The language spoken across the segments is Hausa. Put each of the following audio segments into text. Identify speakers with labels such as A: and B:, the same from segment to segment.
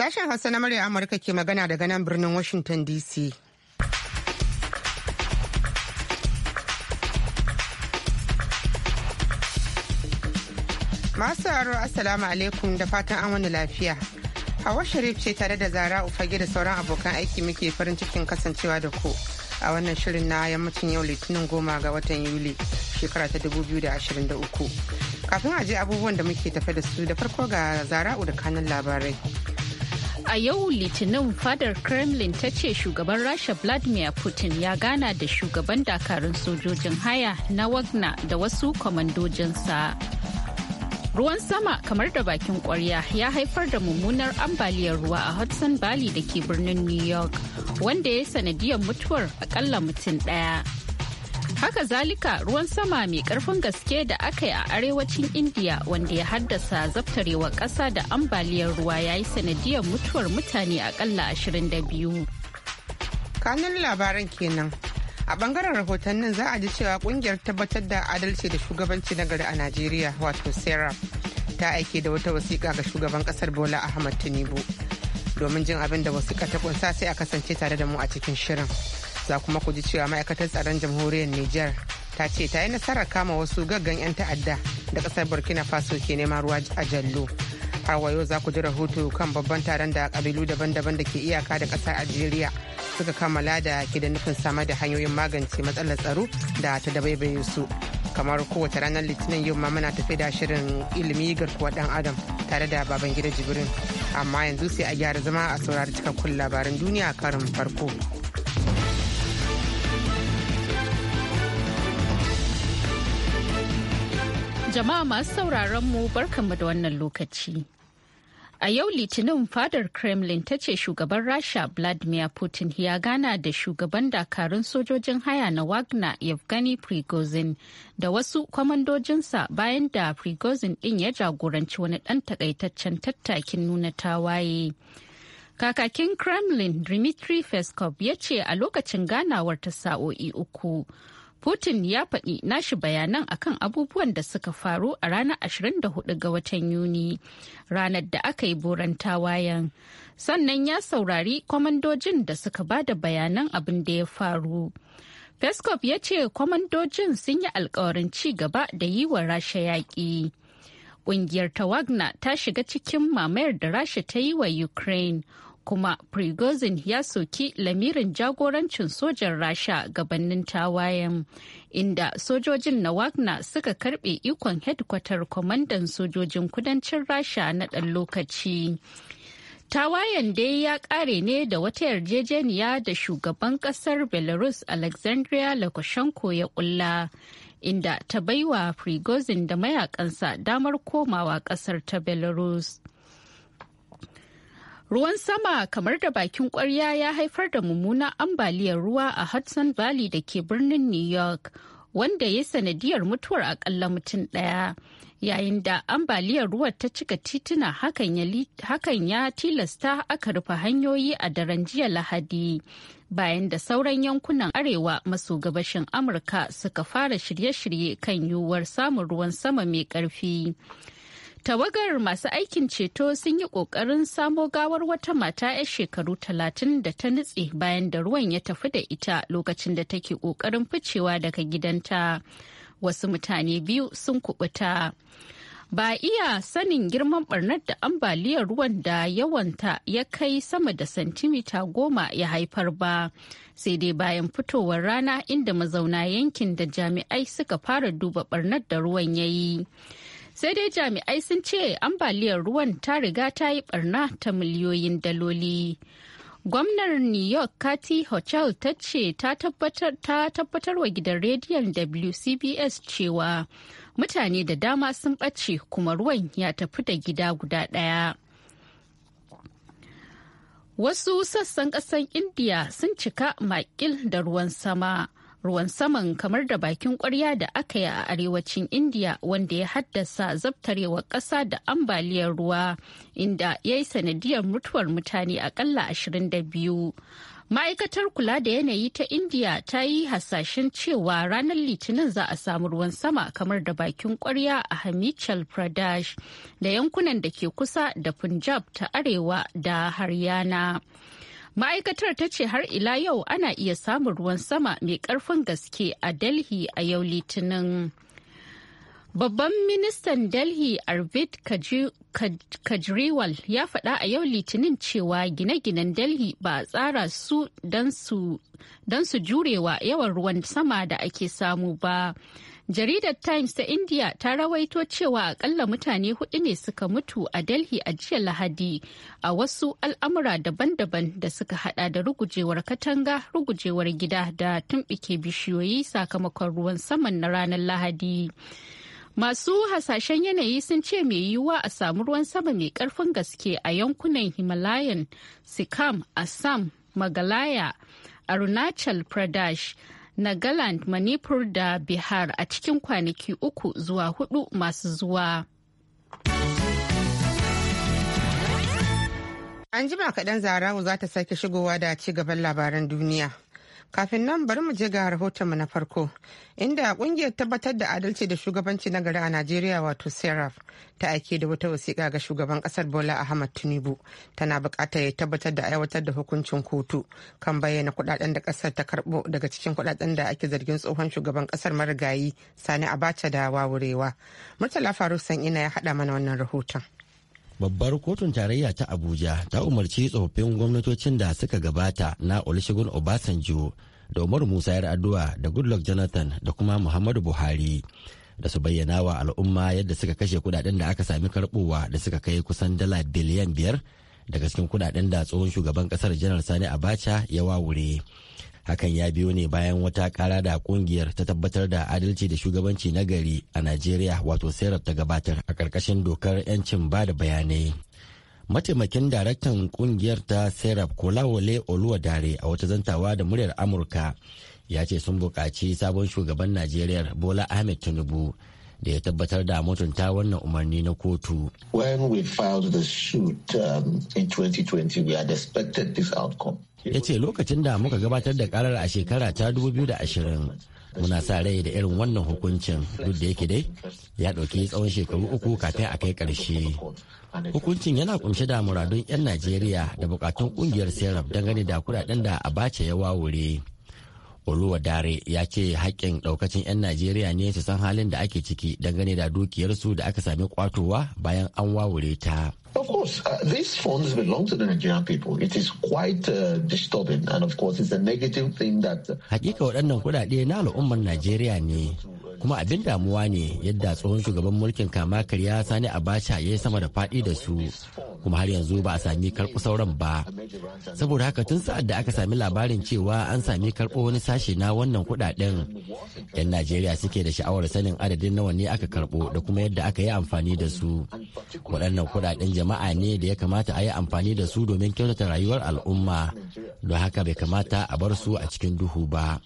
A: Sashen Hausa na murya Amurka ke magana daga nan birnin Washington DC. Masu aro Assalamu alaikum da fatan an wani lafiya. Hawa Sharif ce tare da Zara Ufage da sauran abokan aiki muke farin cikin kasancewa da ku a wannan shirin na yammacin yau litinin goma ga watan Yuli shekara ta 2023. Kafin a je abubuwan da muke tafe da su da farko ga Zara'u da kanan labarai.
B: A yau Litinin fadar Kremlin ta ce shugaban Rasha Vladimir Putin ya gana da shugaban dakarun sojojin haya na Wagna da wasu kwamandojinsa. Ruwan sama kamar da bakin kwarya ya haifar da mummunar ambaliyar ruwa a Hudson Valley da ke birnin New York wanda ya sanadiyar mutuwar akalla mutum ɗaya. haka zalika ruwan sama mai karfin gaske da aka yi a arewacin indiya wanda ya haddasa zaftarewa ƙasa da ambaliyar ruwa ya yi sanadiyar mutuwar mutane akalla 22
A: kanun labaran kenan a bangaren rahotannin za a ji cewa kungiyar tabbatar da adalci da shugabanci na gari a najeriya wato sara ta aike da wata wasiƙa ga shugaban ƙasar bola ahmad tinubu domin jin abin da wasiƙa ta kunsa sai a kasance tare da mu a cikin shirin. zakuma kuma ku ji cewa ma'aikatar tsaron jamhuriyar Nijar ta ce ta yi nasarar kama wasu gaggan 'yan ta'adda da kasar Burkina Faso ke neman ruwa a jallo. Har wayo za ku ji rahoto kan babban taron da kabilu daban-daban da ke iyaka da ƙasar Algeria suka kammala da ke da nufin samar da hanyoyin magance matsalar tsaro da ta dabaibaye su. kamar kowace ranar litinin yau ma muna tafi da shirin ilimi garkuwar dan adam tare da baban gida jibrin amma yanzu sai a gyara zama a saurari cikakkun labaran duniya karin farko.
B: Jama'a masu sauraron mu barkanmu da wannan lokaci. A yau Litinin fadar Kremlin ta ce shugaban Rasha Vladimir Putin ya gana da shugaban dakarun sojojin haya na Wagner Yevgeny Prigozhin da wasu kwamandojinsa bayan da Prigozhin din ya jagoranci wani ɗan takaitaccen tattakin nuna tawaye. Kakakin Kremlin Dmitry Peskov ya ce a lokacin ganawar ta sa'o'i uku. Putin ya faɗi nashi bayanan akan abubuwan da suka faru a ranar 24 ga watan Yuni, ranar da aka yi boran tawayen. Sannan ya saurari kwamandojin da suka ba da bayanan abin da ya faru. Peskov ya ce kwamandojin sun yi alkawarin ci gaba da yi wa Rasha yaƙi. Ƙungiyar ta Wagner ta shiga cikin mamayar da Rasha ta yi wa Ukraine. kuma prigozhin ya soki lamirin jagorancin sojan rasha gabanin tawayen inda sojojin na wagner suka karbe ikon hedkwatar kwamandan sojojin kudancin rasha na ɗan lokaci tawayen dai ya kare ne da wata yarjejeniya da shugaban kasar belarus alexandria lukashenko ya kulla inda ta baiwa prigozhin da mayakansa damar komawa kasar ta belarus Ruwan sama kamar da bakin kwarya ya haifar da mummunan ambaliyar ruwa a Hudson Valley da ke birnin New York, wanda ya sanadiyar mutuwar akalla mutum ɗaya. Yayin da ambaliyar ruwa ta cika tituna hakan ya tilasta aka rufe hanyoyi a daren jiya Lahadi. Bayan da sauran yankunan arewa maso gabashin Amurka suka fara shirye-shirye kan yiwuwar samun ruwan sama mai ƙarfi. tawagar masu aikin ceto sun yi kokarin samo gawar wata mata 'yar shekaru talatin da ta nutse bayan da ruwan ya tafi da ita lokacin da take kokarin ficewa daga gidanta wasu mutane biyu sun kubuta ba iya sanin girman barnar da ambaliyar ruwan da yawanta ya kai sama da santimita goma ya haifar ba sai dai bayan fitowar rana inda mazauna yankin da jami'ai suka fara duba barnar da ruwan ya yi sai dai jami'ai sun ce ambaliyar ruwan ta riga ta yi barna ta miliyoyin daloli. Gwamnar New York Kathy Hochul ta ce ta tabbatar wa gidan rediyon WCBS cewa mutane da dama sun ɓace kuma ruwan ya tafi da gida guda ɗaya. Wasu sassan ƙasar Indiya sun cika makil da ruwan sama ruwan saman kamar da bakin kwarya da aka yi a arewacin indiya wanda ya haddasa zabtarewar ƙasa da ambaliyar ruwa inda ya yi sanadiyar mutuwar mutane akalla 22 ma'aikatar kula da yanayi ta indiya ta yi hasashen cewa ranar litinin za a samu ruwan sama kamar da bakin kwarya a hamichal pradesh da yankunan da ke kusa da punjab ta arewa da haryana Ma'aikatar ta ce har ila yau ana iya samun ruwan sama mai ƙarfin gaske a Delhi a yau Litinin. Babban ministan Delhi Arvind Kajriwal ya faɗa a yau Litinin cewa gine-ginen Delhi ba a tsara su don su jurewa yawan ruwan sama da ake samu ba. Jaridar Times ta India ta rawaito cewa akalla mutane hudu ne suka mutu a Delhi a jiya Lahadi a wasu al'amura daban-daban da suka hada da rugujewar katanga, rugujewar gida da tumbike bishiyoyi sakamakon ruwan saman na ranar Lahadi. Masu hasashen yanayi sun ce mai yiwuwa a samu ruwan sama mai karfin gaske a yankunan Himalayan, Sikkim, Assam, Magalaya, Arunachal Pradesh. Nagaland, Manipur da Bihar a cikin kwanaki uku zuwa hudu masu zuwa.
A: An jima kaɗan zarawu za ta sake shigowa da ci gaban labaran duniya. Kafin nan bari mu je ga mu na farko, inda kungiyar tabbatar da adalci da shugabanci na gari a Najeriya wato Seraf ta aike da wata wasiƙa ga shugaban ƙasar Bola Ahmad Tinubu tana buƙatar ya tabbatar da aiwatar da hukuncin kotu kan bayyana kuɗaɗen da ƙasar ta karɓo daga cikin kuɗaɗen da ake zargin tsohon shugaban ƙasar marigayi Sani Abacha da wawurewa. Murtala Faruk ina ya haɗa mana wannan rahoton.
C: babbar kotun tarayya ta abuja ta umarci tsofaffin gwamnatocin da suka gabata na olusegun obasanjo da umaru musa yar'adua da goodluck jonathan da kuma muhammadu buhari da su bayyana wa al'umma yadda suka kashe kudaden da aka sami karbowa da suka kai kusan dala biliyan biyar daga cikin kudaden da tsohon shugaban kasar janar sani abacha ya wawure hakan ya biyo ne bayan wata kara da kungiyar ta tabbatar da adalci da shugabanci na gari a najeriya wato serap ta gabatar a ƙarƙashin dokar 'yancin ba da bayanai mataimakin daraktan kungiyar ta serap kolawole oluwadare a wata zantawa da muryar amurka ya ce sun buƙaci sabon shugaban najeriya bola ahmed tinubu da ya tabbatar da mutunta wannan umarni na kotu. When we filed the suit um, in 2020, we had expected this outcome. Ya ce lokacin da muka gabatar da karar a shekara ta 2020 muna sa rai da irin wannan hukuncin duk da yake dai ya ɗauki tsawon shekaru uku kafin a kai karshe. Hukuncin yana kunshe da muradun 'yan Najeriya da bukatun kungiyar Serap dangane da kudaden da Abacha ya wawure. Oluwadare ya ce haƙƙin ɗaukacin 'yan Najeriya ne su san halin da ake ciki dangane da dukiyarsu da aka sami kwatowa bayan an wawure ta.
B: Of course, uh, these funds belong
D: to the Nigerian
C: people. It is
D: quite uh, disturbing and of course it's a negative thing
C: that... Uh, Hakika waɗannan kuɗaɗe na al'ummar Najeriya ne. kuma abin damuwa ne yadda tsohon shugaban mulkin kama karya sani abacha ya yi sama da faɗi da su kuma har yanzu ba a sami karɓo sauran ba saboda haka tun sa'ad da aka sami labarin cewa an sami karɓo wani sashe na wannan kuɗaɗen yan najeriya suke da sha'awar sanin adadin nawa ne aka karɓo da kuma yadda aka yi amfani da su waɗannan kuɗaɗen jama'a ne da ya kamata a yi amfani da su domin kyautata rayuwar al'umma don haka bai kamata a bar su a cikin duhu ba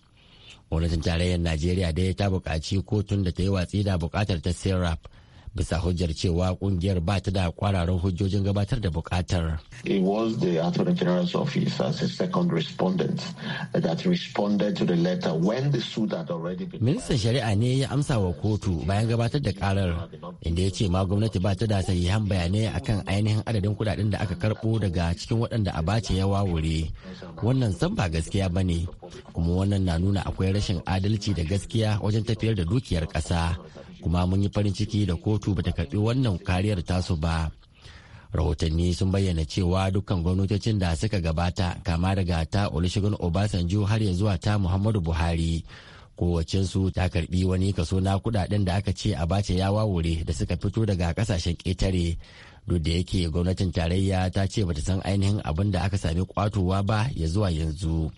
C: gwamnatin tarayyar najeriya ya ta buƙaci kotun da ta yi watsi da buƙatar ta serap bisa hujjar cewa kungiyar ba ta da kwararan hujjojin gabatar da bukatar.
D: It was the Attorney General's office as a second respondent that responded to the letter when the suit had
C: Ministan Shari'a ne ya amsa wa kotu bayan gabatar da karar inda ya ce ma gwamnati ba ta da sahihan bayanai akan ainihin adadin kudaden da aka karbo daga cikin waɗanda bace ya wawure. Wannan san ba gaskiya ba ne kuma wannan na nuna akwai rashin adalci da gaskiya wajen tafiyar da dukiyar ƙasa. kuma mun yi farin ciki da kotu bata karbi wannan kariyar tasu ba rahotanni sun bayyana cewa dukkan gwamnatocin da suka gabata kama daga ta olusegun obasanjo har ya zuwa ta muhammadu buhari kowacensu ta karbi wani kaso na kudaden da aka ce a bace ya wawure da suka fito daga kasashen ƙetare duk da yake gwamnatin tarayya ta ce bata san ainihin abin da aka sami kwatowa ba ya zuwa yanzu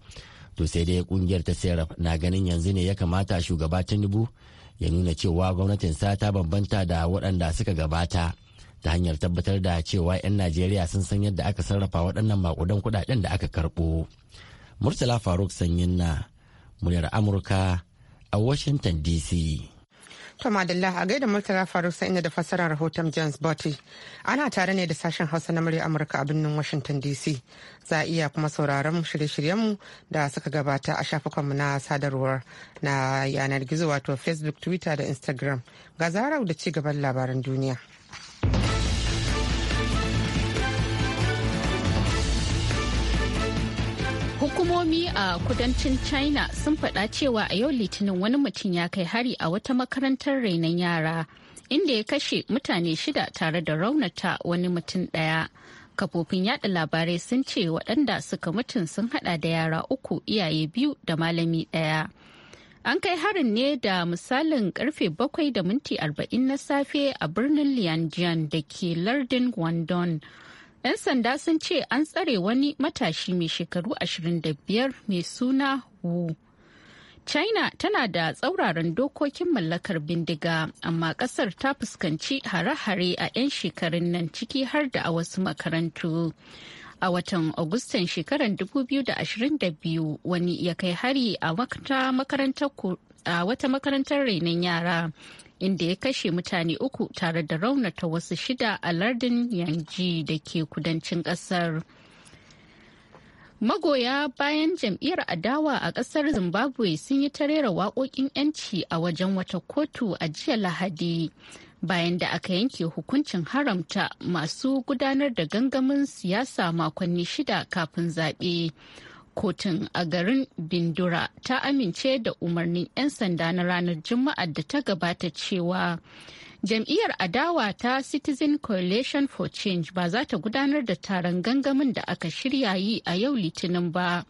C: to sai dai kungiyar ta serap na ganin yanzu ne ya kamata shugaba tinubu ya nuna cewa gwamnatin sa ta bambanta da waɗanda suka gabata ta hanyar tabbatar da cewa 'yan najeriya sun san yadda aka sarrafa waɗannan maƙudan kuɗaɗen da aka karɓo murtala faruk sanyin na muryar amurka a washington dc
A: To Madalla a gaida Murtala Faruk inda da fassarar rahoton James Botti. Ana tare ne da sashen Hausa na murya Amurka a birnin Washington DC. Za iya kuma sauraron shirye-shiryenmu da suka gabata a shafukanmu na sadarwar na yanar gizo wato Facebook, Twitter da Instagram. Ga zarau da ci gaban
B: labaran duniya. Hukumomi a kudancin China sun faɗa cewa a yau litinin wani mutum ya kai hari a wata makarantar rainon yara inda ya kashe mutane shida tare da raunata wani mutum ɗaya. Kafofin yada labarai sun ce waɗanda suka mutum sun haɗa da yara uku iyaye biyu da malami ɗaya. An kai harin ne da misalin karfe bakwai da minti arba'in na safe a birnin Lianjian da ke lardin Guangdong. 'Yan sanda sun ce an tsare wani matashi mai shekaru 25 mai suna Wu. China tana da tsauraran dokokin mallakar bindiga, amma kasar ta fuskanci hare-hare a 'yan shekarun nan ciki har da a wasu makarantu. a watan agustan shekarar 2022 wani ya kai hari a wata makarantar renon yara inda ya kashe mutane uku tare da raunata wasu shida a lardin yanji da ke kudancin kasar. Magoya bayan jam'iyyar adawa a kasar Zimbabwe sun yi tarera waƙoƙin 'yanci a wajen wata kotu a jiya Lahadi. Bayan da aka yanke hukuncin haramta masu gudanar da gangamin siyasa makonni shida kafin zaɓe. kotun a garin bindura ta amince da umarnin 'yan sanda na ranar juma'a da ta gabata cewa jam'iyyar adawa ta citizen coalition for change ba za ta gudanar da taron gangamin da aka shirya yi a yau litinin ba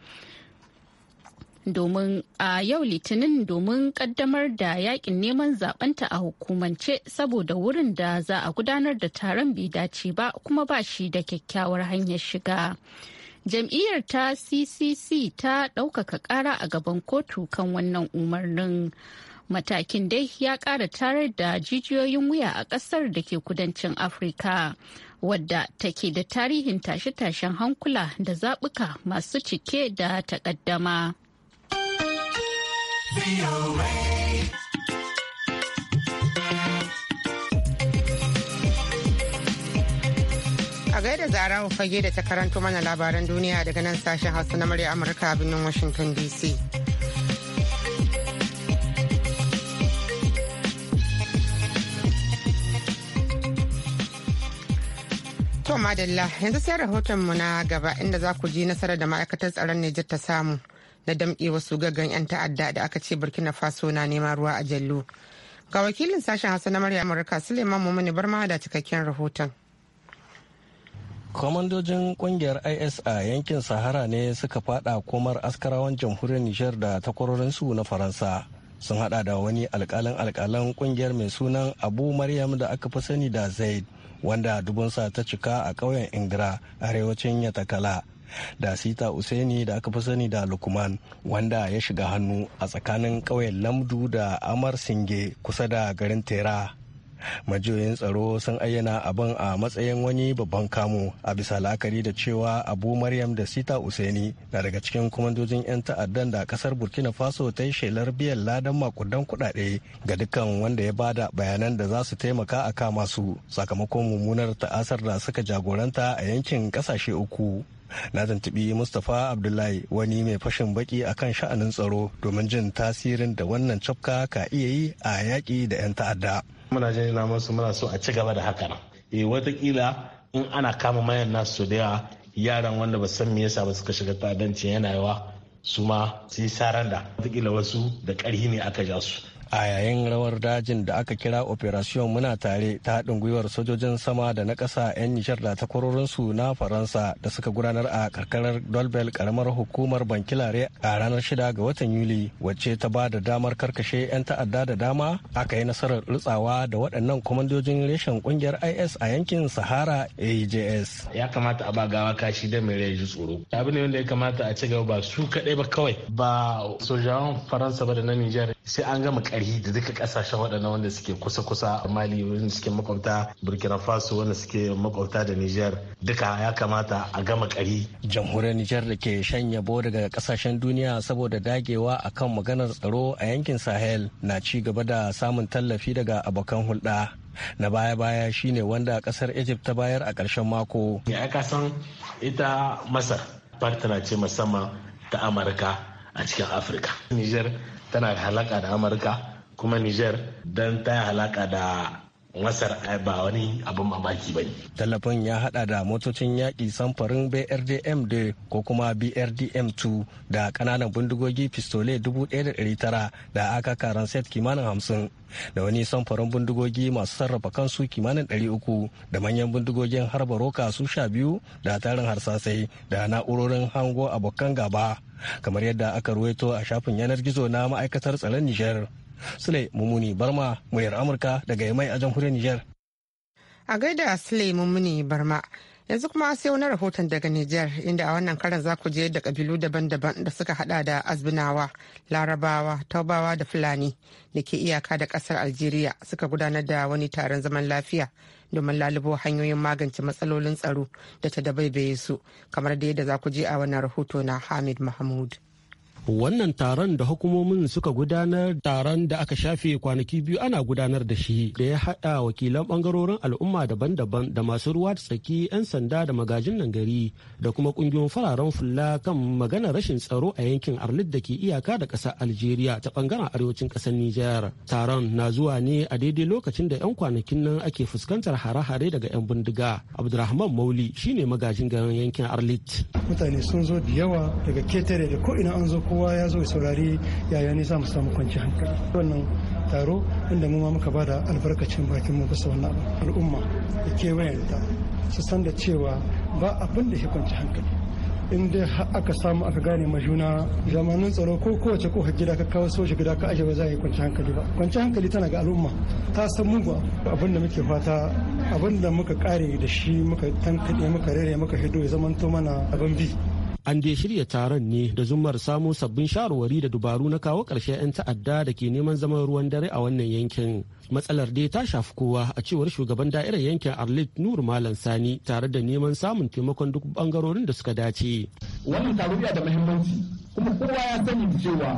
B: domin a yau litinin domin kaddamar da yakin neman zabanta a hukumance saboda wurin da za a gudanar da taron bai dace ba kuma ba shi da kyakkyawar hanyar shiga. jam'iyyar ta ccc ta ɗaukaka ƙara a gaban kotu kan wannan umarnin matakin dai ya ƙara tarar da jijiyoyin wuya a ƙasar da ke kudancin afirka wadda take da tarihin tashe-tashen hankula da zaɓuka masu cike da takaddama.
A: da zara fage da ta karanto mana labaran duniya daga nan sashen hausa na murya amurka birnin washington dc to madalla yanzu sai rahoton mu na gaba inda za ku ji nasara da ma'aikatar tsaron nijar ta samu na damƙe wasu gaggan 'yan ta'adda da aka ce burkina faso na neman ruwa a jallo ga wakilin sashen hausa na murya amurka suleiman mumuni bar ma da cikakken rahoton
E: kwamandojin kungiyar is a yankin sahara ne suka fada komar askarawan jamhuriyar nijar da takwarorinsu na faransa sun hada da wani alkalin alkalan kungiyar mai sunan abu maryam da aka fi sani da zaid wanda dubunsa ta cika a ƙauyen ingira arewacin yatakala da sita useni da aka fi sani da lukman wanda ya shiga hannu a tsakanin ƙauyen lamdu da amar singe kusa da garin tera majiyoyin tsaro sun ayyana abin a matsayin wani babban kamo a bisa la'akari da cewa abu maryam da sita useni na daga cikin kwamandojin 'yan ta'addan da kasar burkina faso ta yi shelar biyan ladan makudan kudade ga dukkan wanda ya bada bayanan da za su taimaka a kama su sakamakon mummunar ta'asar da suka jagoranta a yankin kasashe uku na tuntubi mustapha abdullahi wani mai fashin baki akan sha'anin tsaro domin jin tasirin da wannan cafka ka iya yi a yaƙi da 'yan ta'adda muna jin musu muna so a ci gaba da hakan. nan eh watakila in ana kama mayan nasu su da yawa yaran wanda ba san me yasa ba suka shiga ta'addanci yana yawa su ma su yi saranda watakila wasu da ƙarhi ne aka ja su a yayin rawar dajin da aka kira operation muna tare ta haɗin gwiwar sojojin sama da na ƙasa 'yan nishar da takwarorinsu na faransa da suka gudanar a karkarar dolbel karamar hukumar bankilare a ranar 6 ga watan yuli wacce ta ba da damar karkashe 'yan ta'adda da dama aka yi nasarar rutsawa da waɗannan kwamandojin reshen ƙungiyar is a yankin sahara ajs. ya kamata a ba gawa kashi da mai ji tsoro abu ne wanda ya kamata a ci gaba ba su kaɗai ba kawai ba sojawan faransa ba da na nijar sai an gama ƙarhi da duka ƙasashen waɗannan wanda suke kusa-kusa mali wanda suke makwabta burkina faso wanda suke makwabta da niger duka ya kamata a gama ƙari. jamhuriyar niger da ke shan yabo daga ƙasashen duniya saboda dagewa a kan maganar tsaro a yankin sahel na ci gaba da samun tallafi daga abokan hulɗa na baya-baya shine wanda kasar egypt ta bayar a ƙarshen mako ya kasan ita masar partner ce musamman ta amurka a cikin afirka niger tana halaka da amurka kuma niger don ta halaka da masar eh, ba wani abin mamaki ba ne. tallafin ya hada da motocin yaƙi samfarin brdm da ko kuma brdm 2 da ƙananan bindigogi pistole 1,900 da aka karan set kimanin hamsin da wani samfarin bindigogi masu sarrafa kansu kimanin 300 da manyan bindigogin harba roka su sha biyu da tarin harsasai da na'urorin hango abokan gaba kamar yadda aka ruwaito a shafin yanar gizo na ma'aikatar tsaron nijar Sule Mumuni Barma muryar Amurka daga Yamai a jamhuriyar Nijar.
A: A gaida Sule Mumuni Barma yanzu kuma sai wani rahoton daga Nijar inda a wannan karan za ku je da kabilu daban-daban da suka hada da Azbinawa, Larabawa, Taubawa da Fulani da ke iyaka da kasar Algeria suka gudanar da wani taron zaman lafiya domin lalubo hanyoyin magance matsalolin tsaro da ta dabaibaye su kamar da yadda za ku je a wannan rahoto na Hamid Mahmud.
F: wannan taron da hukumomin suka gudanar taron da aka shafe kwanaki biyu ana gudanar da shi da ya haɗa wakilan ɓangarorin al'umma daban-daban da masu ruwa da tsaki 'yan sanda da magajin nan gari da kuma ƙungiyoyin fararen fulla kan magana rashin tsaro a yankin arlit da ke iyaka da ƙasar algeria ta ɓangaren arewacin ƙasar nijar taron na zuwa ne a daidai lokacin da 'yan kwanakin nan ake fuskantar hare-hare daga 'yan bindiga abdulrahman mauli shine magajin garin yankin arlit mutane sun zo da yawa daga ketare da ko ina an zo ko kowa ya zo saurari yaya ne za mu samu kwanci hankali wannan taro inda mu ma muka ba da albarkacin bakin mu bisa wannan al'umma da kewayenta su san da cewa ba abin da ya kwanci hankali in dai aka samu aka gane ma juna zamanin tsaro ko kowace kofar gida ka kawo soja gida ka ajiye ba za a yi kwanci hankali ba kwanci hankali tana ga al'umma ta san mugu abin da muke fata abin da muka kare da shi muka tankade muka rere muka hido ya zamanto mana abin bi an dai shirya taron ne da zumar samo sabbin shawarwari da dubaru na kawo ƙarshe 'yan ta'adda da ke neman zaman ruwan dare a wannan yankin matsalar dai ta shafi kowa a cewar shugaban da'irar yankin arlit nur malam sani tare da neman samun taimakon duk bangarorin da suka dace
D: wannan taro da muhimmanci kuma kowa ya sani cewa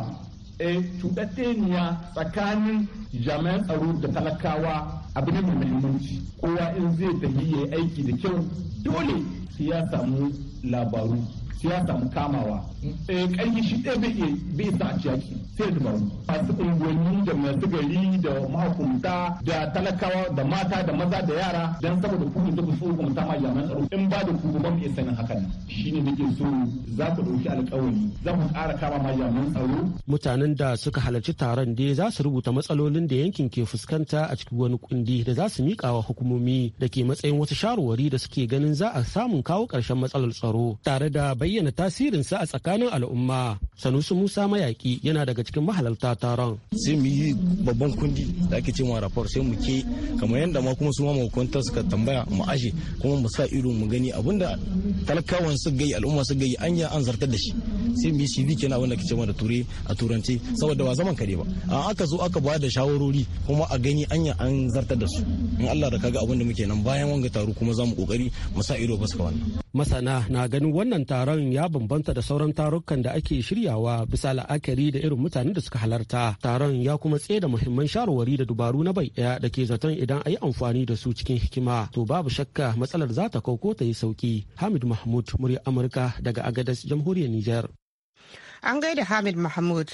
D: eh
F: cuɗaɗɗeniya tsakanin jami'an tsaro da talakawa abu ne mai
E: muhimmanci kowa in zai tafi yayi aiki da kyau dole sai ya samu labaru ya samu kamawa eh kanyi shi ɗaya bai bai sa ciyaki sai
F: da baro masu unguwanni da masu gari da mahukunta da talakawa da mata da maza da yara dan saboda ku da ku so ku yaman tsaro in ba da ku ba mu iya sanin hakan
D: shine nake so za ku dauki alƙawari za ku ƙara kama ma yaman tsaro
F: mutanen da suka halarci taron dai za su rubuta matsalolin da yankin ke fuskanta a cikin wani kundi da za su miƙa wa hukumomi da ke matsayin wata shawarwari da suke ganin za a samun kawo ƙarshen matsalar tsaro tare da bai bayyana sa a tsakanin al'umma. Sanusi Musa Mayaki yana daga cikin
E: mahalarta taron. Sai mu yi babban kundi da ake cewa rapor sai mu ke kamar yadda ma kuma su ma mahukunta suka tambaya mu ashe kuma mu sa ido mu gani abinda talakawan su gai al'umma su gai anya an zartar da shi. Sai mu yi CV kenan abinda ke cewa da ture a turanci saboda ba zaman kare ba. A aka zo aka ba da shawarori kuma a gani anya an zartar da su. In Allah da kaga abinda muke nan bayan wanga taro kuma za mu kokari mu sa ido ba su ka wannan.
F: masana na ganin wannan taron ya bambanta da sauran tarukan da ake shiryawa bisa la'akari da irin mutane da suka halarta taron ya kuma tsaye da muhimman shawarwari da dubaru na bai daya da ke zaton idan a yi amfani da su cikin hikima to babu shakka matsalar za ta kauko ta yi sauki hamid mahmud murya amurka daga agadas jamhuriyar niger
A: an gaida hamid mahmud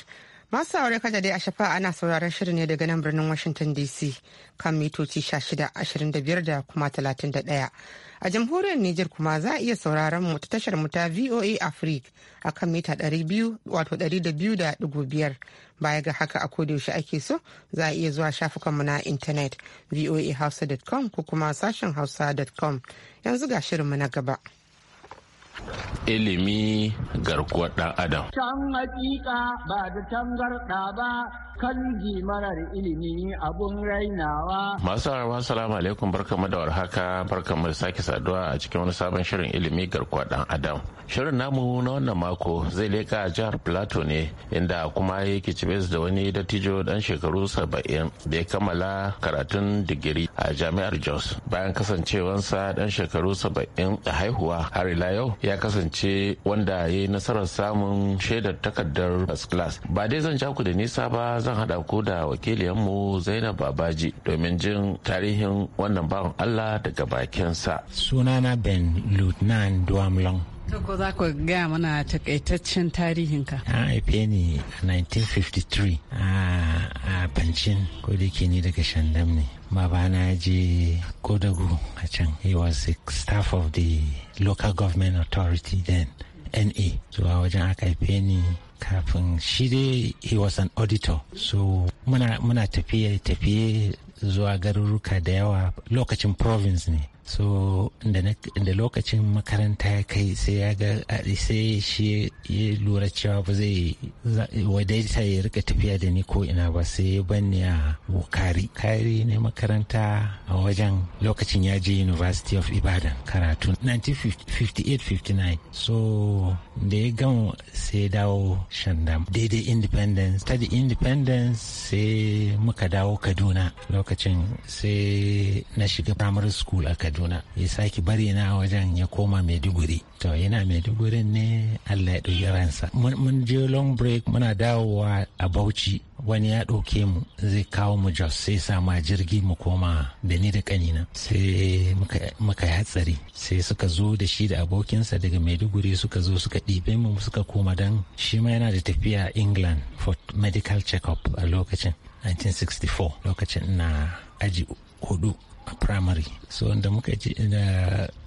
A: masu aure kada dai a shafa ana sauraron shirin ne daga nan birnin washington dc kan mitoci 16 25 da kuma 31 A jamhuriyar Nijar kuma za a iya sauraron mu ta tashar mu ta VOA Africa a kan mita 200 wato 200.5 baya ga haka a yaushe ake so za a iya zuwa shafukanmu na intanet voahausa.com ko kuma sashen hausa.com yanzu ga shirinmu na gaba.
D: ilimi garkuwar ɗan adam.
E: Can hakika ba da tangarɗa ba kan marar ilimi abun rainawa.
D: Masu harawa salamu alaikum barkamu da warhaka barkamu da sake saduwa a cikin wani sabon shirin ilimi garkuwar ɗan adam. Shirin namu na wannan mako zai leƙa jihar Plateau ne inda kuma yake cibes da wani dattijo dan shekaru saba'in da ya kammala karatun digiri a jami'ar Jos bayan kasancewarsa dan shekaru saba'in da haihuwa har ila yau ya kasance wanda ya yi nasarar samun shaidar takardar first class ba dai zan ja ku da nisa ba zan hada ku da wakiliyanmu zainab babaji domin jin tarihin wannan bawan allah daga bakinsa
G: sunana ben lutnan duamlong
H: Ta ko za ku gaya mana takaitaccen tarihinka.
G: An haife ni a 1953 a bancin ko da ke ni daga Shandam ne. Babana ya je Kodagu a can. He was a staff of the local government authority then. NA. So a wajen aka haife ni kafin shi dai he was an auditor so muna tafiye tafiye zuwa garuruka da yawa lokacin province ne so da lokacin makaranta ya kai sai ya ga sai shi ya lura cewa ba zai wadaita ya rika tafiya da ni ko ina ba sai ya bani a bukari kari ne makaranta a wajen lokacin ya je university of ibadan karatu 1958-59 so da ya gama sai ya dawo shandam daidai independence ta da independence sai muka dawo kaduna lokacin sai na shiga primary school a kaduna ya sake bari na wajen ya koma maiduguri to yana maiduguri ne allah ya ɗauki ransa mun je long break muna dawowa a bauchi wani ya ɗauke mu zai kawo mu jos sai sama jirgi mu koma da ni da kanina sai muka hatsari sai suka zo da shi da abokinsa daga maiduguri suka zo suka ɗibe mu suka koma don shi ma yana da tafiya england for medical check a lokacin 1964 lokacin na aji hudu a primary so da muka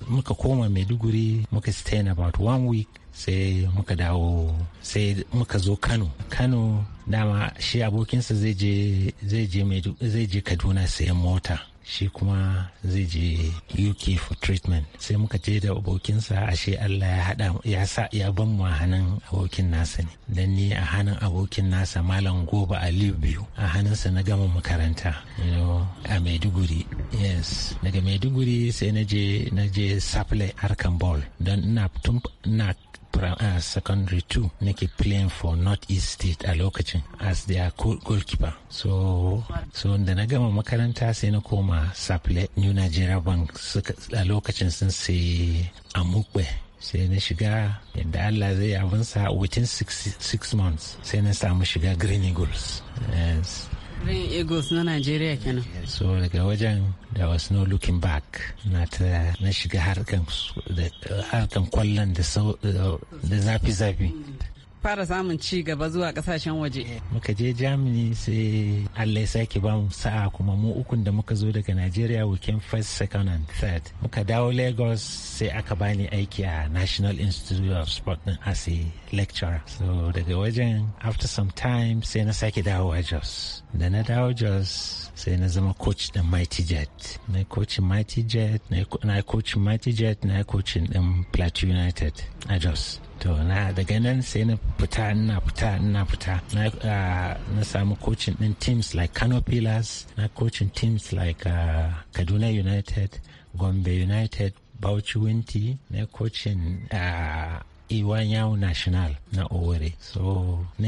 G: muka koma maiduguri muka stay in about one week sai muka dawo sai muka zo kano kano dama shi abokinsa zai je kaduna sayan mota shi kuma zai je uk for treatment sai muka je da abokinsa ashe allah ya hada ya sa ya ban mu a hannun abokin nasa ne dan ni a hannun abokin nasa malam goba aliyu biyu a hannunsa na gama makaranta a maiduguri yes daga maiduguri sai na je na je saple harkan ball don ina tun na ah, secondary 2 nake playing for east state a lokacin as their goalkeeper so so da na gama makaranta sai na koma saple new nigeria bank a lokacin sun sai amukwe sai na shiga yadda Allah zai abinsa within six, six months sai na samu shiga green eagles yes.
H: Green Eagles na Najeriya kenan.
G: So daga wajen da was no looking back na ta na shiga harkan kwallon da
H: zafi-zafi fara samun ci gaba zuwa kasashen waje.
G: Muka je Germany sai Allah ya sake ba mu sa'a kuma mu ukun da muka zo daga Nigeria we came first, second and third. Muka dawo Lagos sai aka bani aiki a National Institute of Sport din as a lecturer. So daga wajen after some time sai na sake a Jos. Da na dawo Jos sai na zama coach da Mighty Jet. Na coachin Mighty Jet, na coachin Mighty Jet, na coachin din Plateau United a Jos. to na daga nan sai na fita na fita na fita ah, na samu coaching din teams like Kano Pillars na coaching teams like uh, Kaduna United Gombe United Bauchi Winti na coaching ah, Iwanyawu National na Owerri. So, na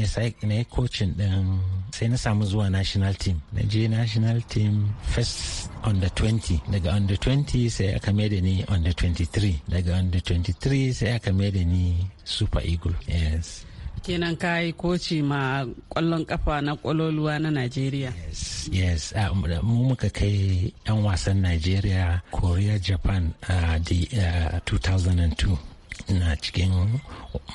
G: yi coaching din sai na samu zuwa national team. Na je national team first under 20. Daga under 20 sai aka mai da ni under 23. Daga under 23 sai aka mai da ni Super Eagle.
H: Yes. kenan ka yi koci ma kwallon kafa na kwaloluwa na Najeriya.
G: Yes, yes. mu muka kai 'yan wasan Najeriya, Korea, Japan a uh, uh, 2002. ina cikin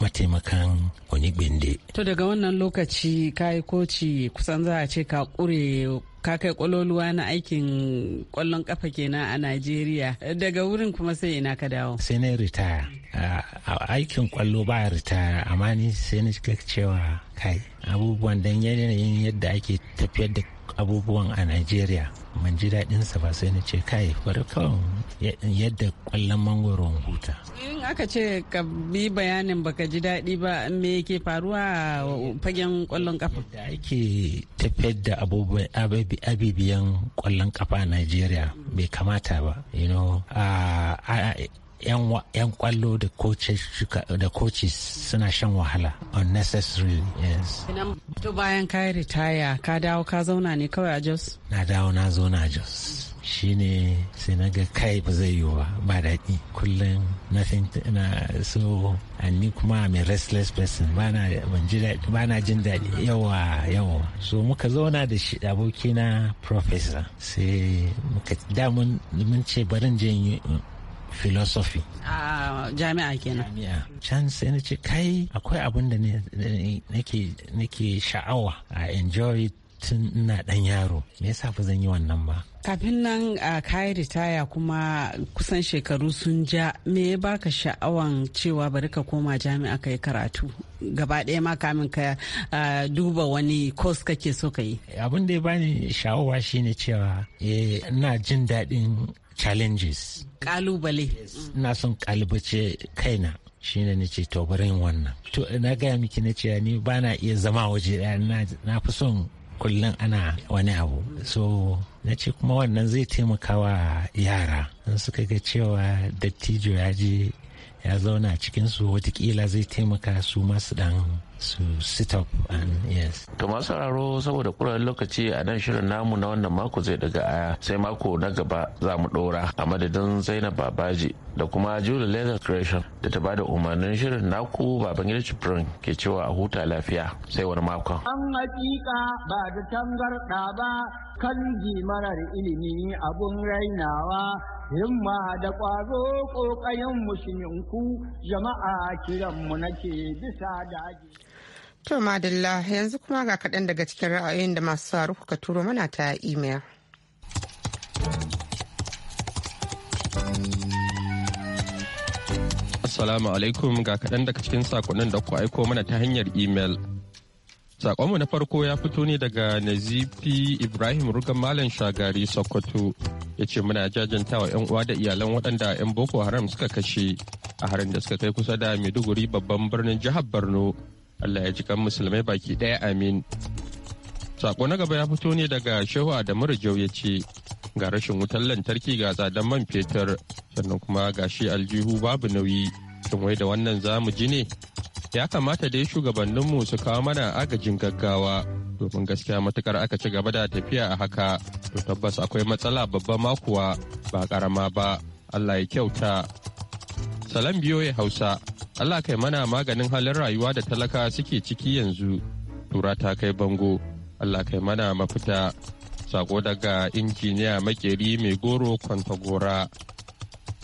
G: mataimakan
H: bende. to daga wannan lokaci ka yi koci kusan za a ce ka kure ka kai kwaloluwa na aikin kwallon kafa kenan a najeriya daga wurin kuma sai ina ka dawo sai
G: na ritaya aikin kwallo ba ritaya amma ni sai na cewa kai abubuwan dan yanayin yadda ake tafiyar da abubuwan a Najeriya man ji daɗinsa ba sai na ce kai bari kawai yadda kwallon mangoro huta.
H: In aka ce ka bi bayanin baka ji daɗi ba me yake faruwa a fagen kwallon kafa? Da
G: ake tafiyar da abubuwan kwallon kafa a Najeriya bai kamata ba. You know, ah, ah, 'yan kwallo da coaches suna shan wahala unnecessary yes
H: to bayan ka ritaya ka dawo ka zauna ne kawai a jos
G: na dawo na zauna a jos Shi ne sai na ga kai ba zai yiwu ba ba daɗi kullum nothing na so ni kuma mai restless person ba na jin daɗi yawa yawa so muka zauna da shi abokina professor sai muka damun mun ce barin jin philosophy
H: a jami'a kenan
G: can sai na ce kai akwai abin da nake sha'awa a enjoy tun ina dan yaro me yasa fa zan yi wannan ba
H: kafin nan a kayi ritaya kuma kusan shekaru sun ja me ya baka sha'awan cewa bari ka koma jami'a ka karatu gaba ɗaya ma kamin ka duba wani kos kake so ka yi abin da ya bani sha'awa shine cewa eh, ina jin
G: daɗin challenges
H: kalubale
G: ina son kalubace kaina ne ne ce to bari wannan to na gaya miki na ce ni ba na iya zama waje na fi son kullum ana wani abu so na ce kuma wannan zai taimaka wa yara in suka ga cewa dattijo ya je ya zauna cikinsu watakila zai taimaka su masu dan su sit up
D: and yes. To masu sauraro saboda kuran lokaci a nan shirin namu na wannan mako zai daga aya sai mako na gaba za mu ɗora a madadin Zainab Babaji da kuma Julie Leather Creation da ta bada umarnin shirin naku baban gida Ciprin ke cewa a huta lafiya sai wani makon.
E: An hakika ba da tangarɗa ba kanji marar ilimi abun rainawa
A: himma da
E: ƙwaro ƙoƙayen musulunku jama'a kiranmu nake bisa daji.
A: To madalla yanzu kuma ga kaɗan daga cikin ra'ayoyin da masu sauraro kuka turo mana ta imel.
I: Assalamu alaikum ga kaɗan daga cikin sakonnin da ku aiko mana ta hanyar imel. Sakonmu na farko ya fito ne daga Nazifi Ibrahim Rugan Malam Shagari Sokoto. Ya ce muna jajantawa 'yan uwa da iyalan waɗanda 'yan Boko Haram suka kashe a harin da suka kai kusa da Maiduguri babban birnin jihar Borno. Allah ya jikan musulmai baki ɗaya amin. Sako na gaba ya fito ne daga Shehu Adamu Rijau ya ce ga rashin wutar lantarki ga tsadan man fetur sannan kuma ga shi aljihu babu nauyi. Shin wai da wannan zamu ji ne? ya kamata dai shugabanninmu su kawo mana agajin gaggawa domin gaskiya matukar aka ci gaba da tafiya a haka to tabbas akwai matsala babba makuwa ba karama ba allah ya kyauta salam biyo ya hausa allah kai mana maganin halin rayuwa da talaka suke ciki yanzu tura ta kai bango allah kai mana mafita sako daga injiniya makeri mai goro gora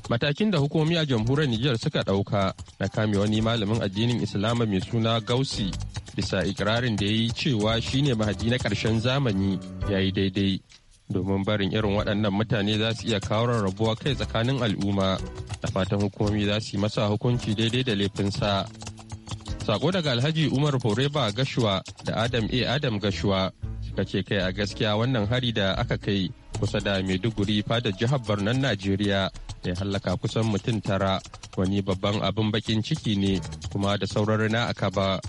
I: matakin da hukumomi a jamhuriyar Nijar suka ɗauka na kame wani malamin addinin Islama mai suna Gausi bisa ikirarin da ya yi cewa shine mahadi na karshen zamani ya yi daidai domin barin irin waɗannan mutane za su iya kawo rabuwa kai tsakanin al'umma da fatan hukumomi za su yi masa hukunci daidai da laifinsa. Sako daga Alhaji Umar Foreba Gashuwa da Adam A. Adam Gashuwa suka ce kai a gaskiya wannan hari da aka kai kusa da Maiduguri fadar jihar Barnan Najeriya ya hallaka kusan mutum tara wani babban abin bakin ciki ne kuma da sauran na aka ba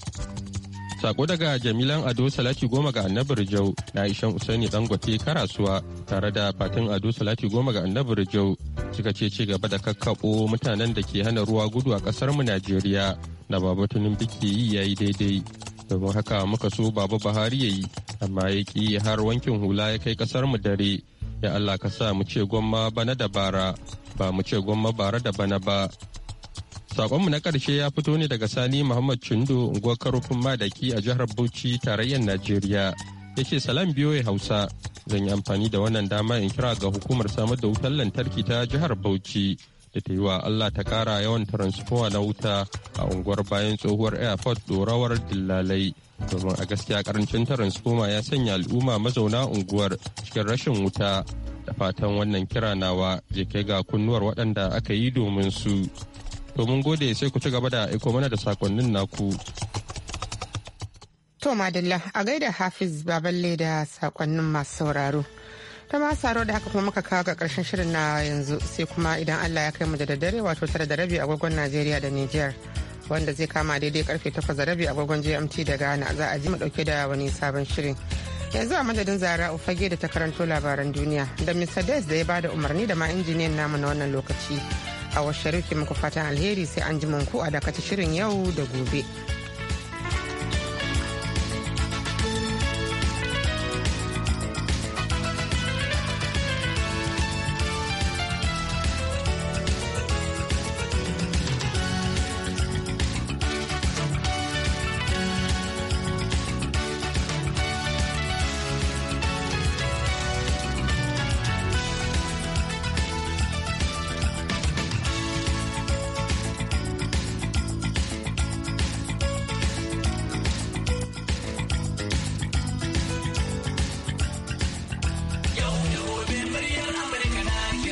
I: sako daga jamilan ado salati goma ga annabar jau na ishan usaini dangote karasuwa tare da fatin ado salati goma ga annabar jau suka ce ci gaba da kakkaɓo mutanen da ke hana ruwa gudu a ƙasar mu najeriya na babatunin biki yi yayi daidai domin haka muka so babu buhari yayi amma ya har wankin hula ya kai ƙasar mu dare ya allah ka sa mu ce gwamma bana dabara ba mu ce gwamma bara da bana ba. Sakonmu na ƙarshe ya fito ne daga Sani Muhammad Chindo unguwar karofin madaki a jihar Bauchi tarayyar Najeriya. Ya ce salam ya Hausa zan yi amfani da wannan dama in kira ga hukumar samar da wutar lantarki ta jihar Bauchi da ta yi wa Allah ta kara yawan taransifoma na wuta a unguwar bayan tsohuwar airport dorawar dillalai. Domin a gaskiya karancin taransifoma ya sanya al'umma mazauna unguwar cikin rashin wuta da fatan wannan kira nawa je kai ga kunnuwar waɗanda aka yi domin su domin gode sai ku ci gaba da aiko mana da sakonnin naku
A: to madalla a gaida hafiz baballe da sakonnin masu sauraro ta ma saro da haka kuma muka kawo ga karshen shirin na yanzu sai kuma idan allah ya kai mu da daddare wato tara da rabi agogon najeriya da niger wanda zai kama daidai karfe 8 da rabi agogon gmt da ghana za a ji mu dauke da wani sabon shirin yanzu a madadin zara ufage da ta karanto labaran duniya da mr des da ya bada umarni da ma injiniyan namu na wannan lokaci a washe muku fatan alheri sai an ji ku a dakaci shirin yau da gobe.